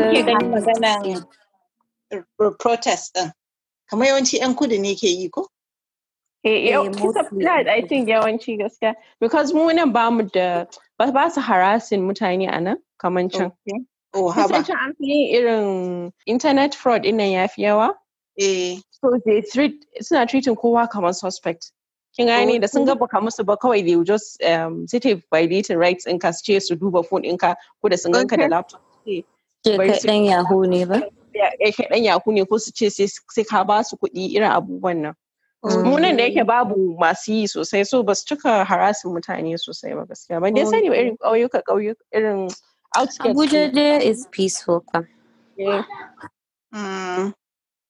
Ake ganin protest ɗin. Kamar yawanci 'yan kudu ne ke yi ko? Eh, eh I think yawanci gaskiya. Because mu nan ba mu da, ba su harasin mutane a nan kamar can. Oh, haba. Kusan an fi yin irin internet fraud ɗin ya fi yawa. Eh. So they treat, suna treating kowa kamar suspect. kin gane da sun gaba musu ba kawai they just um, sit violating rights in ka su su duba phone ɗinka ko da sun ganka da laptop ke kai dan yahu ne ba ya kai dan yahu ne ko su ce sai ka ba su kuɗi irin abubuwan nan munan da yake mm. babu masu yi sosai so ba su cika harasin mutane sosai ba gaskiya ba dai sani ba mm. irin ƙauyuka ƙauyuka irin outskirts Abuja dai is peaceful ka. Eh. Mm.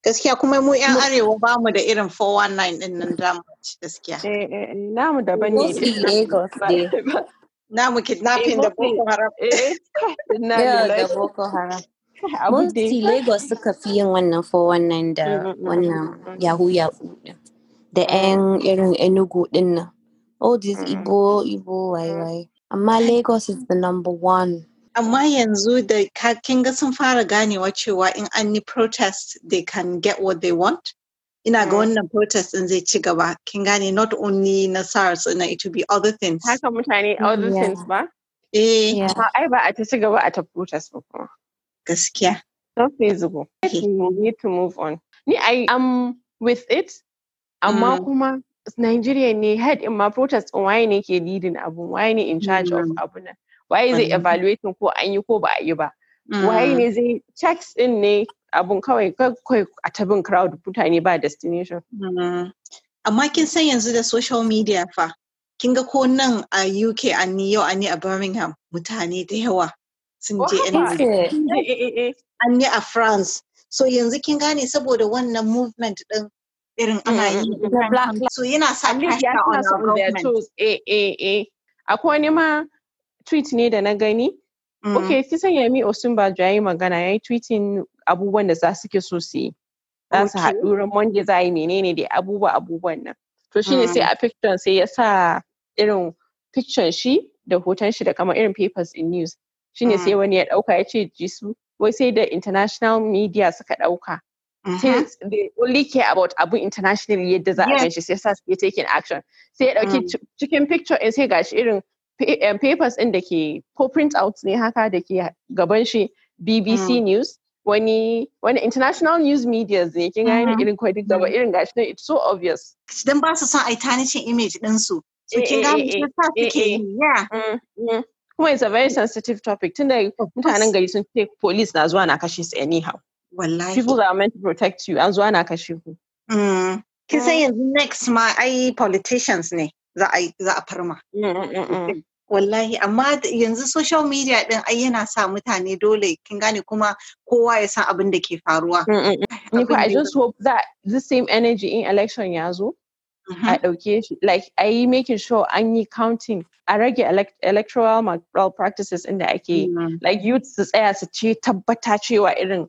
gaskiya kuma mu yan arewa ba mu da irin 419 din nan damu gaskiya eh, eh eh namu daban ne Lagos Now we're kidnapping the Boko Haram. yeah, the Boko Haram. Multi Lagos suka fi yin wannan fo wannan da mm, mm, mm, wannan yahu yahu da yan irin Enugu din nan. All this Igbo, Igbo, waye waye. Amma Lagos is the number one. amma yanzu da kin ga sun fara ganewa cewa in an yi protest they can get what they want ina ga wannan protest din zai ci gaba kin gane not only na SARS na it will be other things haka mutane mm, other yeah. things ba eh ai ba a ta ci gaba a ta protest ba kuma gaskiya so feasible we need to move on ni i am with it amma mm. kuma Nigeria ne head in ma protest on why ne ke leading abun why ne in charge of mm. abun why is zai evaluating ko an yi ko ba a yi ba why ne zai checks din ne abun kawai kawai a tabin crowd mutane ba destination mm. amma kin san yanzu da social media fa kin ga ko nan a UK a ni yau a ni a Birmingham mutane da yawa sun oh, je an eh, eh, eh, ni a France so yanzu kin gane saboda wannan movement din irin ana mm, mm, yi so yana sa pressure on our government akwai wani ma tweet ne da na gani Mm. Okay, Kisan Yemi Osunbajo ya yi magana ya yi tweeting abubuwan da za su ke so su yi za su haɗu ran monday za a yi menene dai abubuwa abubuwan nan to shi ne sai mm. a picture sai ya sa irin picture shi da hoton shi da kamar irin papers in news shi ne sai mm. wani ya ɗauka ya ce jisu wai sai da international media suka ɗauka since mm-hmm. they only care about abu international yadda za a gan shi sai sa suke taking action sai ya ɗauki mm. cikin picture in sai gashi irin papers ɗin da ke ko print out ne haka da ke gaban shi BBC mm. News wani wani international news media ne kin gane mm-hmm. irin kwai duk gaba irin gashi ne it's so obvious dan ba su son ai tanishin image din su so eh, kin eh, ga eh, mu sa suke yi yeah mm, mm. kuma it's a very sensitive topic tunda mutanen gari sun ce police na zuwa na kashe su anyhow wallahi people are meant to protect you an zuwa na kashe ku mm. kin san yanzu next ma ai politicians ne za a za a farma wallahi amma yanzu social media ɗin ai yana sa mutane dole kin gane kuma kowa ya san abin da ke faruwa mm, mm, mm. ni ko i just hope that the same energy in election ya zo mm-hmm. a ɗauke shi like a yi making sure an yi counting a rage electoral malpractices inda ake yi like youth su tsaya su ce tabbata cewa irin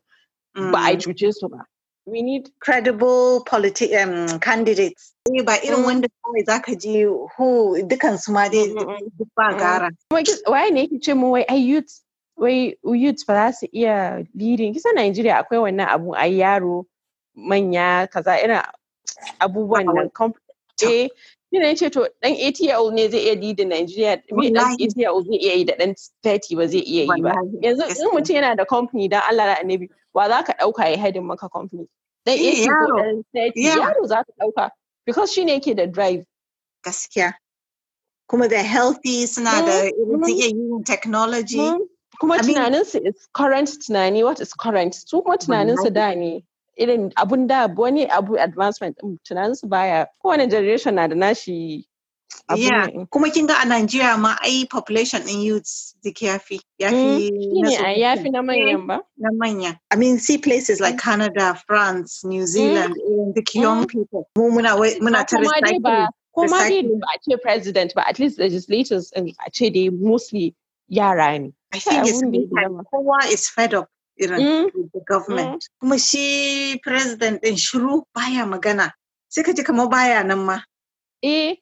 ba a cuce su ba we need credible politi- um, candidates eh, ba irin mm. wanda kawai ka ji who dukan su ma dai mm, mm, ba gara waye ne yake ce mu wai ai youth wai youth ba za su iya leading kisa Nigeria akwai wannan abu ai yaro manya kaza ina abubuwan nan eh Ina ce to dan 80 year old ne zai iya leading Nigeria me dan 80 year old zai iya yi da dan 30 ba zai iya yi ba yanzu in mutum yana da company dan Allah da Annabi wa za ka ɗauka ya haidin maka complaint dan AC ko dan yaro za ka ɗauka because shine yake da drive gaskiya kuma da healthy suna da mm, irin mm. iya yin technology mm. kuma tunaninsu is current tunani what is current su kuma tunaninsu da ne irin abun da wani abu advancement tunaninsu baya kowane generation na da nashi yeah kuma kin ga a Najeriya ma ai population in youths duk yafi yafi yafi hmm, na manyan ba I mean see places like hmm. Canada France New hmm. Zealand mm. duk people mu muna muna ta recycling kuma a president but at least legislators a ce dai mostly yara I think it's kowa is fed up with the government kuma shi president in shuru bayamagana. magana sai ka ji kamar eh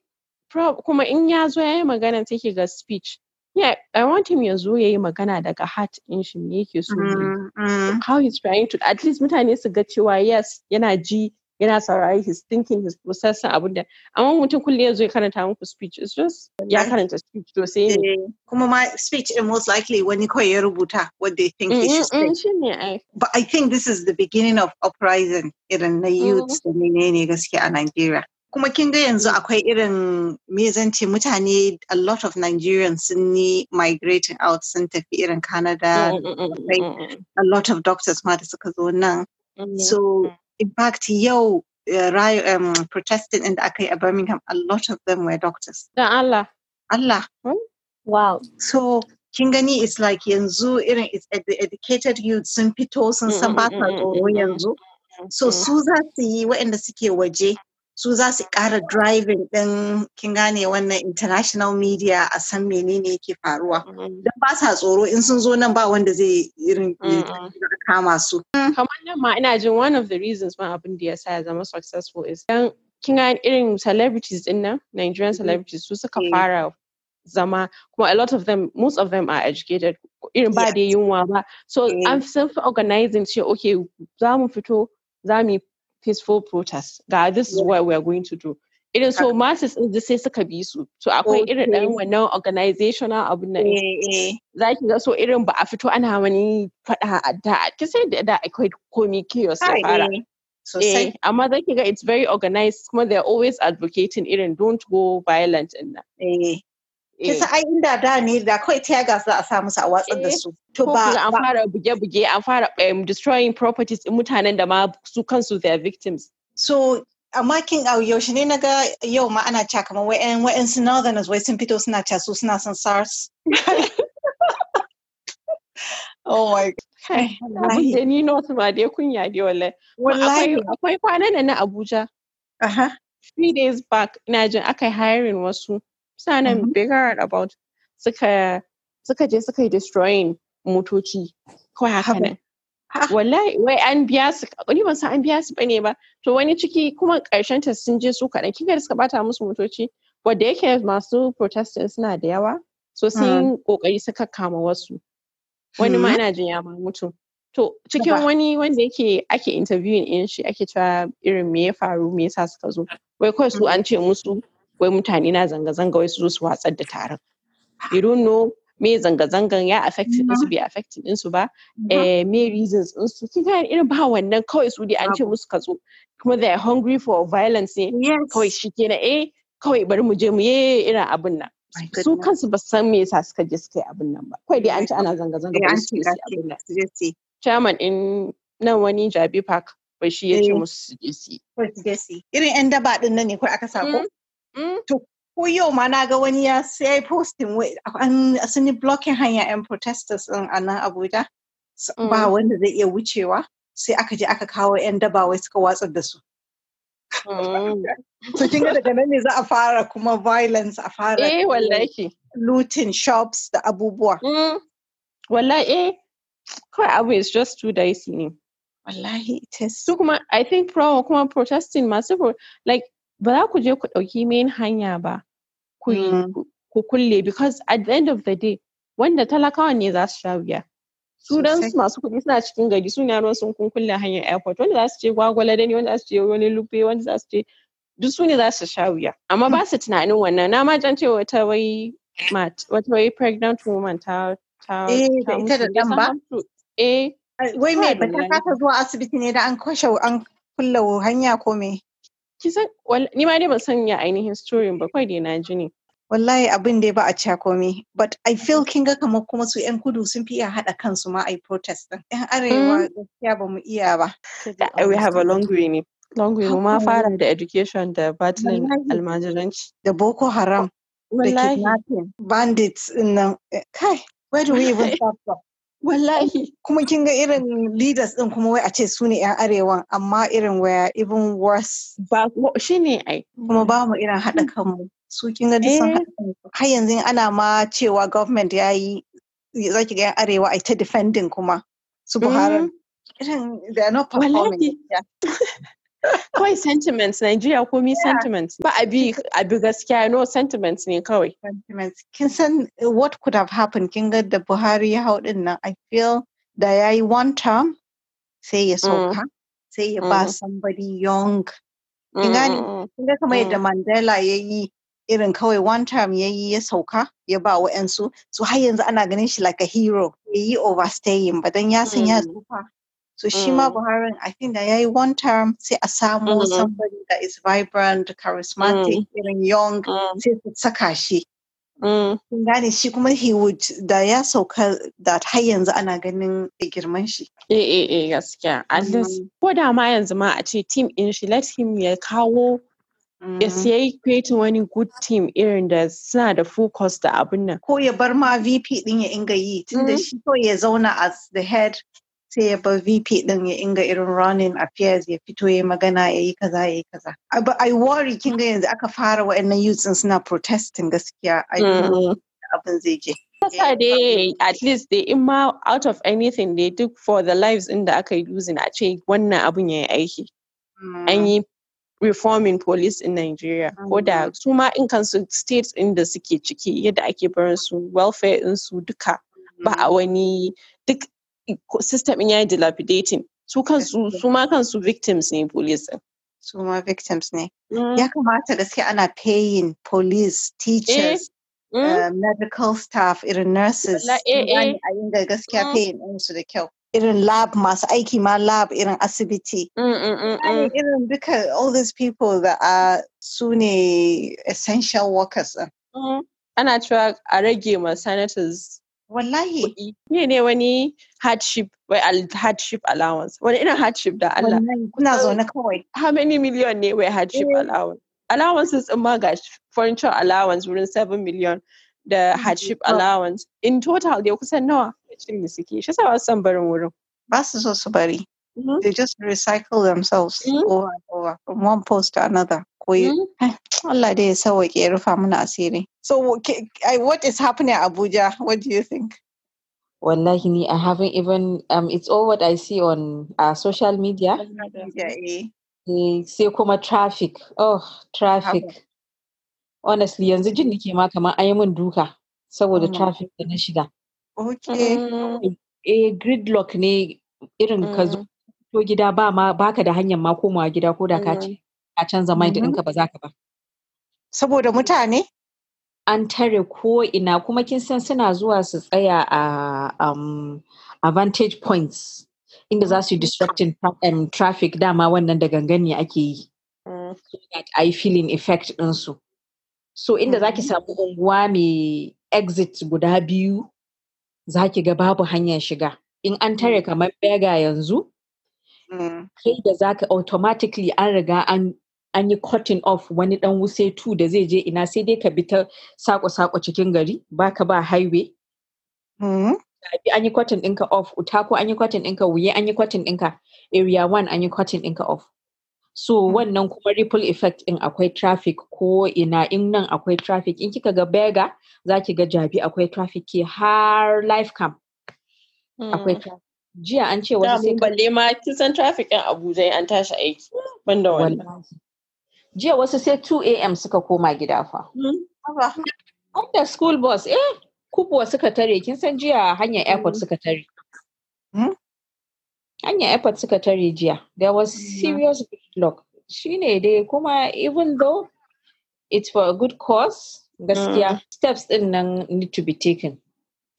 kuma in ya zo ya yi magana sai ga speech yeah i want him ya zo ya yi magana daga heart in shi me yake so mm, mm. how he's trying to at least mutane su ga cewa yes yana ji yana saurari his thinking his processing abin da amma mutum kullum ya zo ya karanta muku speech it's just ya karanta speech to sai ne eh, kuma ma speech in most likely wani kawai ya rubuta what they think he should mm, say but i think this is the beginning of uprising irin na youth da menene gaskiya a Nigeria kuma kin ga yanzu akwai irin me zan ce mutane a lot of Nigerians sun yi migrating out sun tafi irin Canada mm, mm, mm, a lot of doctors ma da suka zo nan so in fact yau uh, um, protesting inda aka a Birmingham a lot of them were doctors dan Allah Allah hmm? wow so kin gani it's like yanzu irin it's at the educated youth sun fito sun san ba yanzu so su za su yi waɗanda suke waje su za su ƙara driving ɗin kin gane wannan international media a san menene yake faruwa mm-hmm. don ba sa tsoro in sun zo nan ba wanda zai irin mm-hmm. kama su mm. kamar nan ma ina jin one of the reasons ma abin da ya sa ya zama successful is dan kin ga irin celebrities din nan Nigerian mm-hmm. celebrities su suka mm. fara zama kuma a lot of them most of them are educated irin ba da yunwa ba so I'm fi organizing ce okay za mu fito za mu peaceful protest ga this is what we're going to do it is so masses din the sai suka bi su to akwai irin dan wannan organizational abun nan eh, eh. za ki ga so irin ba a fito ana wani faɗa da ki sai da da akwai komi chaos So fara sosai eh, amma za ga it's very organized kuma they're always advocating irin don't go violent in nan kisa ai inda da ne da kawai tear gas za a sa musu a watsar da eh, su to ba an fara buge-buge an fara um, destroying properties in mutanen da ma su kansu their victims so amma kin a yaushe ne naga yau ma ana ca kamar wa'yan wa'yan su northerners wai sun fito suna ca su suna son SARS oh my god abin da ni north ma dai kunya dai wallahi wallahi akwai kwanan na Abuja aha three days back ina jin akai hiring wasu mutanen mm bai karar about suka suka je suka yi destroying motoci kawai haka ne wallahi wai an biya su ni ban san an biya su bane ba to wani ciki kuma karshen ta sun je su kaɗan kika da suka bata musu motoci wadda yake masu protesting suna da yawa so sun kokari mm. suka kama wasu wani ma mm-hmm. ana jin ya mutu to cikin wani wanda yake ake interviewing in shi ake cewa irin me ya faru me yasa suka zo wai kawai su mm-hmm. an ce musu wai mutane na zanga-zanga wai su zo su watsar da taron you don't know me zanga-zangan ya affect su bi affect su ba eh me reasons ɗinsu kin ga irin ba wannan kawai su dai an ce musu ka zo kuma they are hungry for violence ne kawai shi na, eh kawai bari mu je mu yi irin abin nan su kansu ba san me yasa suka je suka yi abin nan ba kawai dai an ci ana zanga-zanga ba eh, su yi abin nan chairman in nan wani jabi park bai shi ya ce eh. musu su je su yi irin yan daba ɗin nan ne kawai aka sako hmm? Mm? To ko yau ma na ga wani ya sai posting wai sun yi blocking hanya 'yan protesters din a nan Abuja. Ba mm. wanda zai iya wucewa sai aka je aka kawo 'yan daba wai suka watsar da su. Mm. So kin ga daga nan ne za a fara kuma violence a fara. Eh wallahi. Looting shops da abubuwa. Wallahi eh kawai abu is just too dicey ne. Wallahi it is. Su kuma I think from kuma protesting masu like ba za ku je ku ɗauki main hanya ba mm. ku ku kulle because at the end of the day wanda talakawa ne za su sha wuya su dan masu kuɗi suna cikin gari su yaro sun kun kulle hanyar airport wanda za su je da ne wanda za su je wani lupe wanda za su je duk su ne za su sha wuya amma ba su tunanin wannan na ma jan cewa wata wai wata wai pregnant woman ta ta eh, ta ita da dan ba eh wai me ba ta zuwa asibiti ne da an kashe an kulle hanya ko me kisan ni ma dai ban sanya ainihin story ba kai dai na ji ne wallahi abin dai ba a cewa komai but i feel kin ga kamar kuma su yan kudu sun fi iya hada kansu ma ai protest din yan arewa mm. gaskiya ba mu iya ba we have a long way ne long way mu ma fara da education da battling almajiranci da boko haram da kidnapping bandits nan eh, kai where do we even start from Wallahi, kuma kin ga irin leaders din kuma wai a ce su ne 'yan arewan amma irin waya even worse. Ba shi ne ai. Kuma ba mu irin haɗa kanmu. Su kin ga duk eh. har yanzu ana ma cewa government ya yi za ki ga 'yan arewa a ta defending kuma su Buhari. Mm. Irin they are not performing. kawai sentiments Nigeria komi sentiments ba a bi gaskiya no sentiments ne kawai sentiments kin san what could have happened kin ga da Buhari ya hau nan I feel da yayi one term sai ya soka, mm. sai ya ba mm-hmm. somebody young kin gani mm-hmm, mm-hmm. kin ga kamar yadda mm. Mandela yayi irin kawai one time ya yi ya sauka ya ba wa'yansu so har yanzu ana ganin shi like a hero ya yi overstaying ba don ya san ya mm. tsufa so mm. Shima Buharan, I think that I eh, one term say Asamu, mm-hmm. somebody that is vibrant, charismatic, mm. young, mm. say Sakashi. gane mm. she, kuma he would da ya sauka da har yanzu ana ganin girman shi. Eh eh eh gaskiya. At mm. least ko da ma yanzu ma a ce team in shi let him ya kawo Yes, mm-hmm. ya create creating good team irin da suna da focus da abin nan. Ko ya bar ma VP din ya inga yi tun da mm. shi ko as the head sai ya bar VP din ya inga irin running affairs ya fito ya magana ya yi kaza ya yi kaza. Abu I worry kin ga yanzu aka fara wa'annan youths suna protesting gaskiya mm. abin zai je. Kasa dai at least dai in ma out of anything dai duk for the lives in da aka yi using a ce wannan abun ya yi aiki. An mm. yi reforming police in Nigeria. Ko da mm. su ma in kansu states in da suke ciki yadda ake barin su welfare in su duka ba a wani duk system in yayi dilapidating su kansu su ma kansu victims ne police din su ma victims ne mm. ya kamata gaskiya ana paying police teachers eh, mm. eh, medical staff irin nurses eh, a da gaskiya din mm. su da kyau irin lab masu aiki ma lab irin asibiti irin duka all these people that are su ne essential workers ana cewa a rage ma senators wallahi ne ne wani hardship wai hardship allowance wani irin hardship da Allah kuna zaune kawai how many million ne wai hardship eh. allowance allowances din ma ga furniture allowance wurin 7 million da hardship allowance in total dai kusan nawa cin da suke shi sa san barin wurin ba su so su bari mm-hmm. they just recycle themselves mm-hmm. over and over from one post to another akwai mm. Allah dai ya rufa mana asiri. So what is happening at Abuja? What do you think? Wallahi I haven't even um, it's all what I see on uh, social media. Eh. Eh, sai kuma traffic. Oh, traffic. Honestly, yanzu jin nake ma kamar an yi min duka saboda mm. traffic da na shiga. Okay. Mm. Eh gridlock ne irin ka zo gida ba ma baka da hanyar ma komawa gida ko da ka ce a canza mai da mm-hmm. ɗinka ba za ka ba. Saboda mutane? An tare ko ina kuma kin san suna zuwa su tsaya a um, advantage points inda za su yi mm-hmm. disrupting um, traffic dama wannan da gangani ake yi. Mm. So that I feeling effect ɗinsu. So inda za ki mm-hmm. samu unguwa mai exit guda biyu za ki ga babu hanyar shiga. In an tare mm. kamar bega yanzu, mm. kai da za ka automatically an riga an an yi cutting off wani dan wuse tu da zai je ina sai dai ka bi ta sako-sako cikin gari baka ba highway mm-hmm. an yi cotton ɗinka off utako an yi cotton ɗinka wuye an yi cotton ɗinka area one an yi cotton ɗinka off so mm-hmm. wannan kuma ripple effect in akwai traffic ko ina in nan akwai traffic in kika ga bega za ki ga jabi akwai traffic ke har life camp akwai mm. traffic jiya an ce wani sai balle ma kin san traffic ɗin Abuja an tashi aiki banda wannan jiya wasu sai 2 a.m. suka koma gida fa. Hmm? Wanda school bus eh kubuwa suka tare kin san jiya hanyar airport hmm. suka tare. Hmm? Hanyar airport suka tare jiya. There was serious gridlock. Shine dai kuma even though it's for a good cause gaskiya steps din nan need to be taken.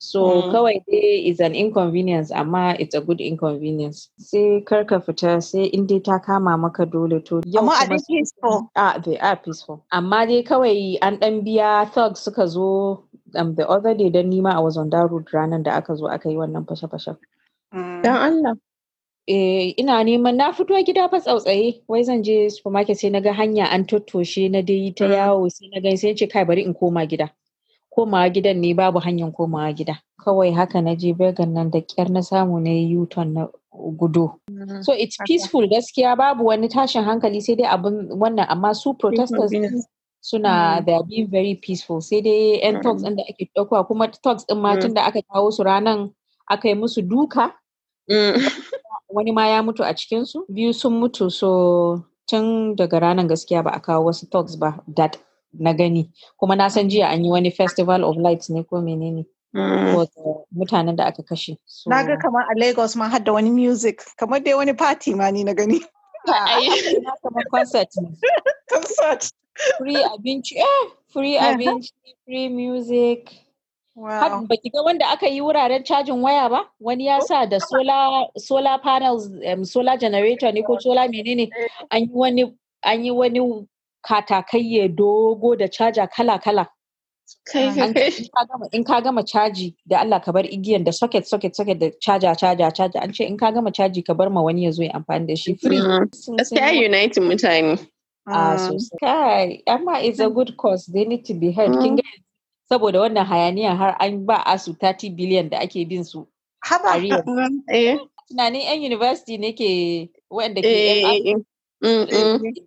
So mm. kawai dai is an inconvenience amma it's a good inconvenience. Sai karka fita sai in dai ta kama maka dole to yau amma a dai peaceful? Ah, they are peaceful. Amma dai kawai an dan biya thug suka zo um, the other day dan nima I was on road ranar da aka zo aka yi wannan fashe-fashen. Mm. Dan Allah. Eh, ina neman na fito gida fa tsautsaye wai zan je supermarket sai naga hanya an tottoshe na dai ta mm. yawo sai na sai ce kai bari in koma gida. komawa gidan ne babu hanyar komawa gida kawai haka na je Bergen nan da kyar na samu na yi u na gudo. Mm, so it's peaceful gaskiya babu wani tashin hankali sai dai abin wannan amma su protesters suna mm. they are being very peaceful sai dai yan talks ɗin da ake ɗauka kuma talks ɗin ma mm. tun da aka kawo su ranan aka yi musu duka. Wani ma ya mutu a cikinsu biyu sun mutu so tun daga ranan gaskiya ba a kawo wasu talks ba that na gani kuma na san jiya an yi wani festival of lights ne ko menene mm. ko mutanen da aka kashe na ga kamar a lagos ma har da wani music kamar dai wani party ma ni na gani kamar concert ne concert free abinci eh free abinci free music Wow. ba ki ga wanda aka yi wuraren cajin waya ba wani ya oh. sa da solar, panels um, solar generator ne ko solar menene eh. an yi wani Katakai ya dogo da caja kala-kala. In ka gama caji da Allah ka bar igiyan da socket socket socket da caja caja caja an ce in ka gama caji ka bar ma wani ya zo ya amfani da shi free. Gaskiya United mutane. so ah, sosai. Amma is a good cause they need to be heard. Kin ga saboda wannan hayaniya har an ba asu 30 billion da ake bin su. Haba. Eh. Tunanin 'yan university ne ke waɗanda ke eh,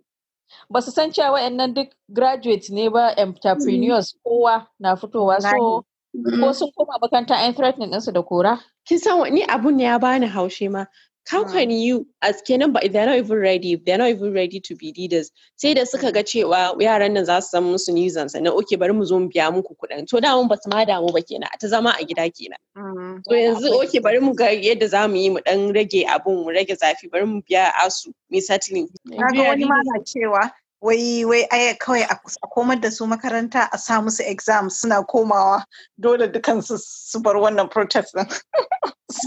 ba su san cewa wa'annan duk graduate ne ba entrepreneurs mm-hmm. kowa na fitowa so ko mm-hmm. sun koma makaranta an threatening ɗansu da kora. Kin san ni abun ya bani haushi ma how hmm. can you as kenan but they're not even ready they're not even ready to be leaders sai da suka ga cewa yaran nan za su san musu nuisance na okay bari mu zo mu biya muku kuɗin to da mun ba su ma damu ba kenan ta zama a gida kenan hmm. to yanzu okay bari mu ga yadda za mu yi mu dan rage abun mu rage zafi bari mu biya asu mi settling kaga wani ma na cewa wai wai aya kawai a komar da su makaranta a sa musu exam suna komawa dole dukansu su bar wannan protest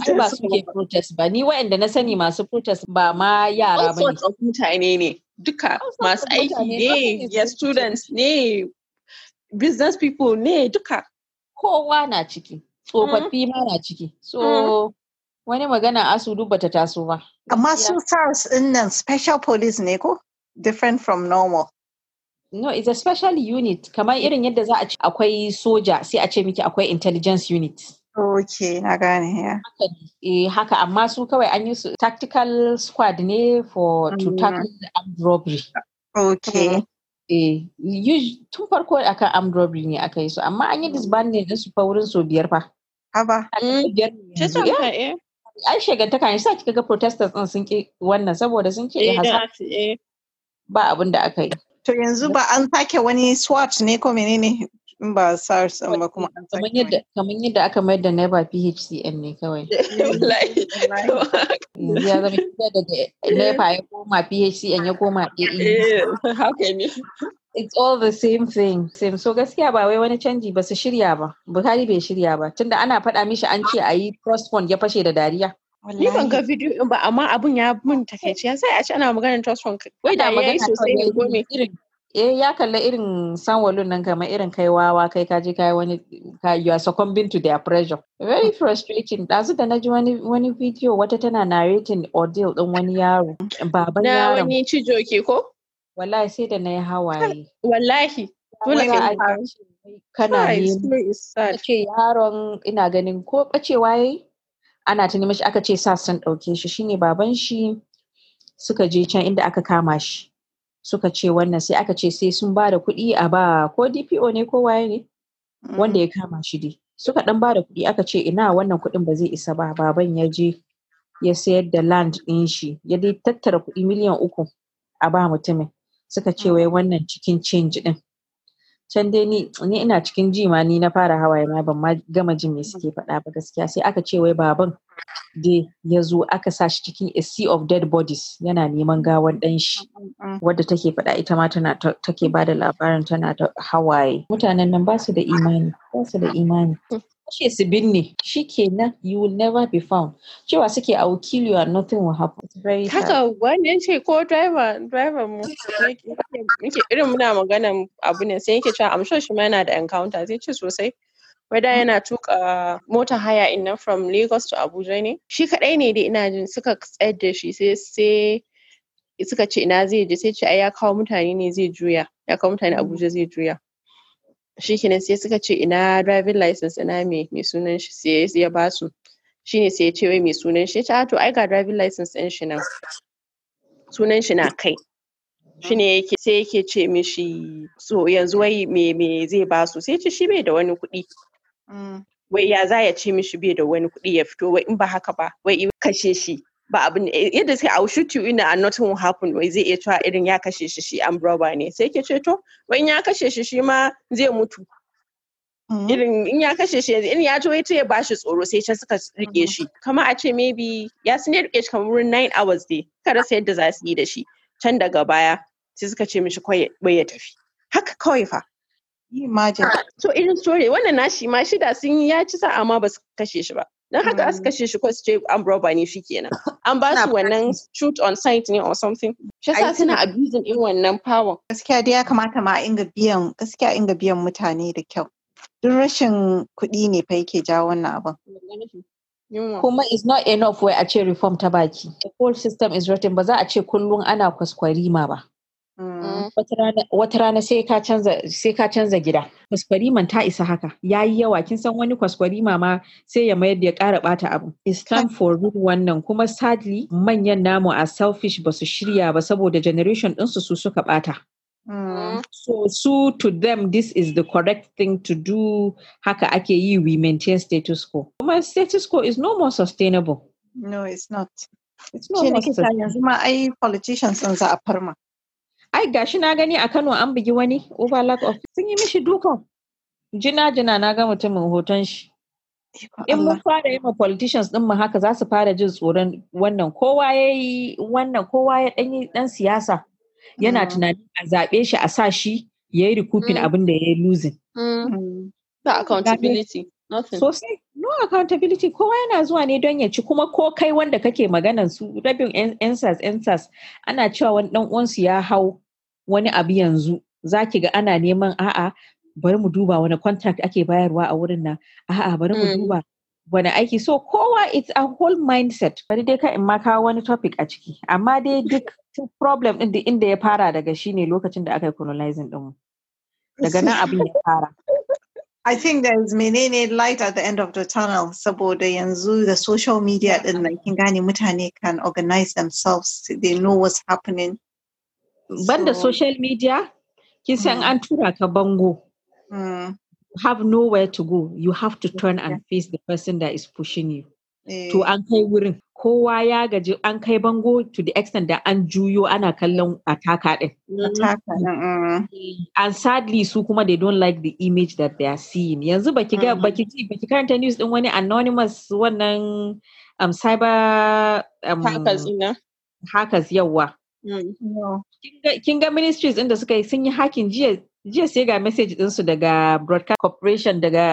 din ba su ke protest ba ni waɗanda na sani masu protest ba ma yara ba ne mutane ne duka masu aiki ne ya students ne business people ne duka kowa na ciki tsofaffi ma na ciki so mm. Mm. wani magana asu duk bata taso ba amma su SARS din nan special police ne ko different from normal? No, it's a special unit. Kamar irin yadda za a ce akwai soja sai a ce miki akwai intelligence unit. Okay, na gane ya. Yeah. Eh, haka, amma su kawai an yi su tactical squad ne for to mm. tackle the armed robbery. Okay. Eh, tun farko akan armed robbery ne aka yi su, amma an yi disbanding din su faurin wurin so biyar fa. Haba. Biyar. Eh. Eh. Ai shegantaka ne sa kika ga protesters din sun ki wannan saboda sun ce eh ba abin da aka yi. To yanzu ba an sake wani swat ne ko menene in ba SARS ba kuma an sake yadda kamar yadda aka mayar da NEBA PHCN ne kawai. Yanzu ya zama da daga NEBA ya koma PHCN ya koma AE. Eh, haka ne. It's all the same thing. Same. So gaskiya ba wai wani canji ba su shirya ba. bukari bai shirya ba. Tunda ana faɗa mishi an ce a yi cross fund ya fashe da dariya. Ni ban ga bidiyo din ba amma abun ya mun ya sai a ce ana maganar trust fund wai da magana sosai ne gome. Eh ya kalla irin sanwalun nan kamar irin kai wawa kai ka je kai wani you are succumbing to their pressure. Very frustrating. Ɗazu da na ji wani wani bidiyo wata tana narrating ordeal din wani yaro. Baban yaron. Na wani cijo ke ko? Wallahi sai da na yi hawaye. Wallahi. Dole ka yi kana ne. Ce yaron ina ganin ko bacewa yayi. ana ta shi aka ce sa sun ɗauke shi shine baban shi suka je can inda aka kama shi suka ce wannan sai aka ce sai sun bada kuɗi a ba ko DPO ne ko waye ne mm. wanda ya kama shi dai suka ɗan bada kuɗi aka ce ina wannan kuɗin ba zai isa ba baban ya je ya sayar da land ɗin shi ya dai tattara kuɗi miliyan uku a ba mutumin suka ce mm. wai wannan cikin change ɗin can dai ni ni ina cikin ji ma ni na fara hawaye ma ban ma gama jin me suke faɗa ba gaskiya sai aka ce wai baban dai ya zo aka sa shi cikin a sea of dead bodies yana neman gawan ɗan shi wadda take faɗa ita ma tana take ba da labarin tana ta hawaye mutanen nan ba su da imani ba su da imani shi su binne kenan you will never be found cewa suke a will nothing will happen haka wannan ce ko driver driver mu yake irin muna magana abu ne sai yake cewa sure shi ma yana da encounter zai ce sosai whether mm. yana tuka motar haya in nan from Lagos to Abuja ne shi kadai ne dai ina jin suka tsayar da shi sai sai suka ce ina zai je sai ce ai ya kawo mutane ne zai juya ya kawo mutane mm. Abuja zai juya shi kenan sai suka ce ina driving license ina me me sunan shi sai ya ba su shine sai ya ce wai mai sunan shi ya ah, to ai ga driving license ɗin shi nan sunan shi na kai shine yake sai yake ce mishi so yanzu wai me me zai ba su sai ce shi bai da wani kuɗi mm. wai ya za ya ce mishi bai da wani kuɗi ya fito wai in ba haka ba wai kashe shi ba abin eh, yadda sai a shoot you in and nothing will happen wai zai iya cewa irin ya kashe shi shi an ne sai yake ce to wai in ya kashe shi shi ma zai mutu Mm-hmm. irin in ya kashe shi yanzu in ya ji wai ya bashi tsoro sai can suka rike mm-hmm. shi kamar a ce maybe ya sun ya rike shi kamar wurin 9 hours dai ka rasa yadda za su yi da shi can daga baya sai suka ce mishi bai ya tafi haka kawai fa ah, so irin story wannan nashi ma shida sun yi ya ci sa amma ba su kashe shi ba don haka mm-hmm. aka kashe shi ko su ce an roba ne shi kenan an ba su wannan shoot on site ne or something shi yasa suna abusing irin wannan power gaskiya dai ya kamata ma inga biyan gaskiya inga biyan mutane da kyau duk rashin kuɗi ne fa yake jawo wannan abin. Kuma is not enough wai a ce reform ta baki. The whole system is rotten ba za a ce kullum ana kwaskwarima ba. Mm. Wata rana sai ka canza gida. man ta isa haka. Ya yi yawa kin san wani kwaskwarima ma sai ya mayar da ya ƙara ɓata abu. It's time for real wannan kuma sadly manyan namu a selfish ba su shirya ba saboda generation ɗinsu su suka ɓata. Mm. Mm. So, So to them this is the correct thing to do. Haka ake yi we maintain status quo. My status quo is no more sustainable. No, it's not. It's not. yanzu ma ai politicians sun za a farma. Ai gashi na gani a Kano an bugi wani over lack of sun yi mishi dukan. Jina jina na ga mutumin hoton shi. In mun fara yi ma politicians din mu haka za su fara jin tsoron wannan kowa ya yi wannan kowa ya dan siyasa. yana mm. tunanin a zaɓe shi a sa shi ya yi recouping mm. abin da ya yi losing. No mm. accountability. Nothing. Sosai, no accountability kowa yana zuwa ne don ya ci kuma ko kai wanda kake maganan su rabin ensas ensas ana cewa wani dan uwansu ya hau wani abu yanzu zaki ga ana neman a'a bari mu duba wani contract ake bayarwa a wurin nan a'a bari mu duba wani aiki so kowa it's a whole mindset bari dai ka in ma kawo wani topic a ciki amma dai duk problem din da inda ya fara daga shine lokacin da aka yi colonizing din daga nan abin ya fara I think there is menene light at the end of the tunnel saboda yanzu the social media din nan kin gane mutane can organize themselves they know what's happening banda social media kin san mm. an tura ka bango mm. have nowhere to go you have to turn and face the person that is pushing you eh. to an kai wurin kowa ya gaji an kai bango to the extent da an juyo ana kallon ataka din eh, and sadly su kuma they don't like the image that they are seeing yanzu baki ga baki ji baki karanta news din wani anonymous wannan um cyber um, hackers ina hackers yawa mm. kin ministries inda suka yi sun yi hacking jiya jiya sai ga message ɗinsu daga broadcast corporation daga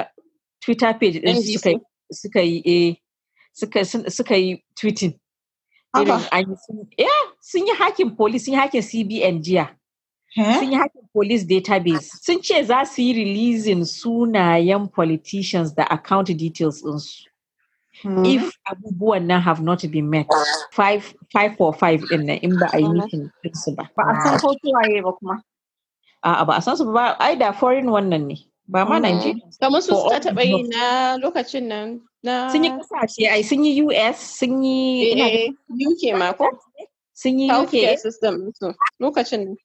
twitter page ɗin eh, suka yi eh suka yi tweeting sun yi hakin police sun yi hakin cbn jiya sun yi hakin police database sun ce za su yi releasing sunayen politicians da account details ɗinsu Hmm. if abubuwan nan have not been met five five or five din nan in ba a yi meeting din su ba ba a san ko kiwaye ba kuma A'a ba a san su ba ai da foreign wannan ne ba ma mm. Nigeria. Kamar su ta taɓa yi na lokacin nan Sun yi kasashe ai sun yi US sun yi. UK ma ko? Sun yi UK. system lokacin nan.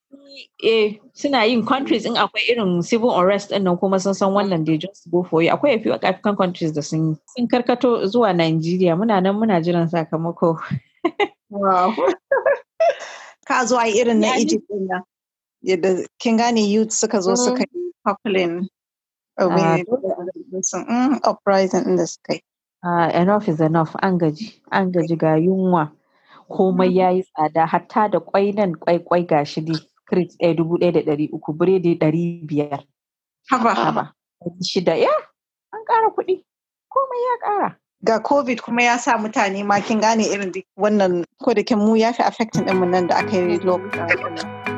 Eh suna yin countries in akwai irin civil unrest ɗin nan kuma sun san wannan they just go for you akwai a African countries da sun yi. Sun karkato zuwa Nigeria muna nan muna jiran sakamako. Wow. ka zo irin na Egypt din nan. yadda kin gane youth suka zo mm-hmm. suka yi coupling ah, mm, uprising inda suka yi ah, enough is enough an gaji an gaji ga yunwa komai mm-hmm. ya yi tsada hatta da kwai nan kwai kwai ga shi dai krit ɗaya eh, dubu ɗaya da ɗari uku biredi ɗari biyar haba haba shida ya an ƙara kuɗi komai ya ƙara ga covid kuma ya sa mutane ma kin gane irin wannan kodakin mu ya fi affecting ɗinmu nan da aka yi lokacin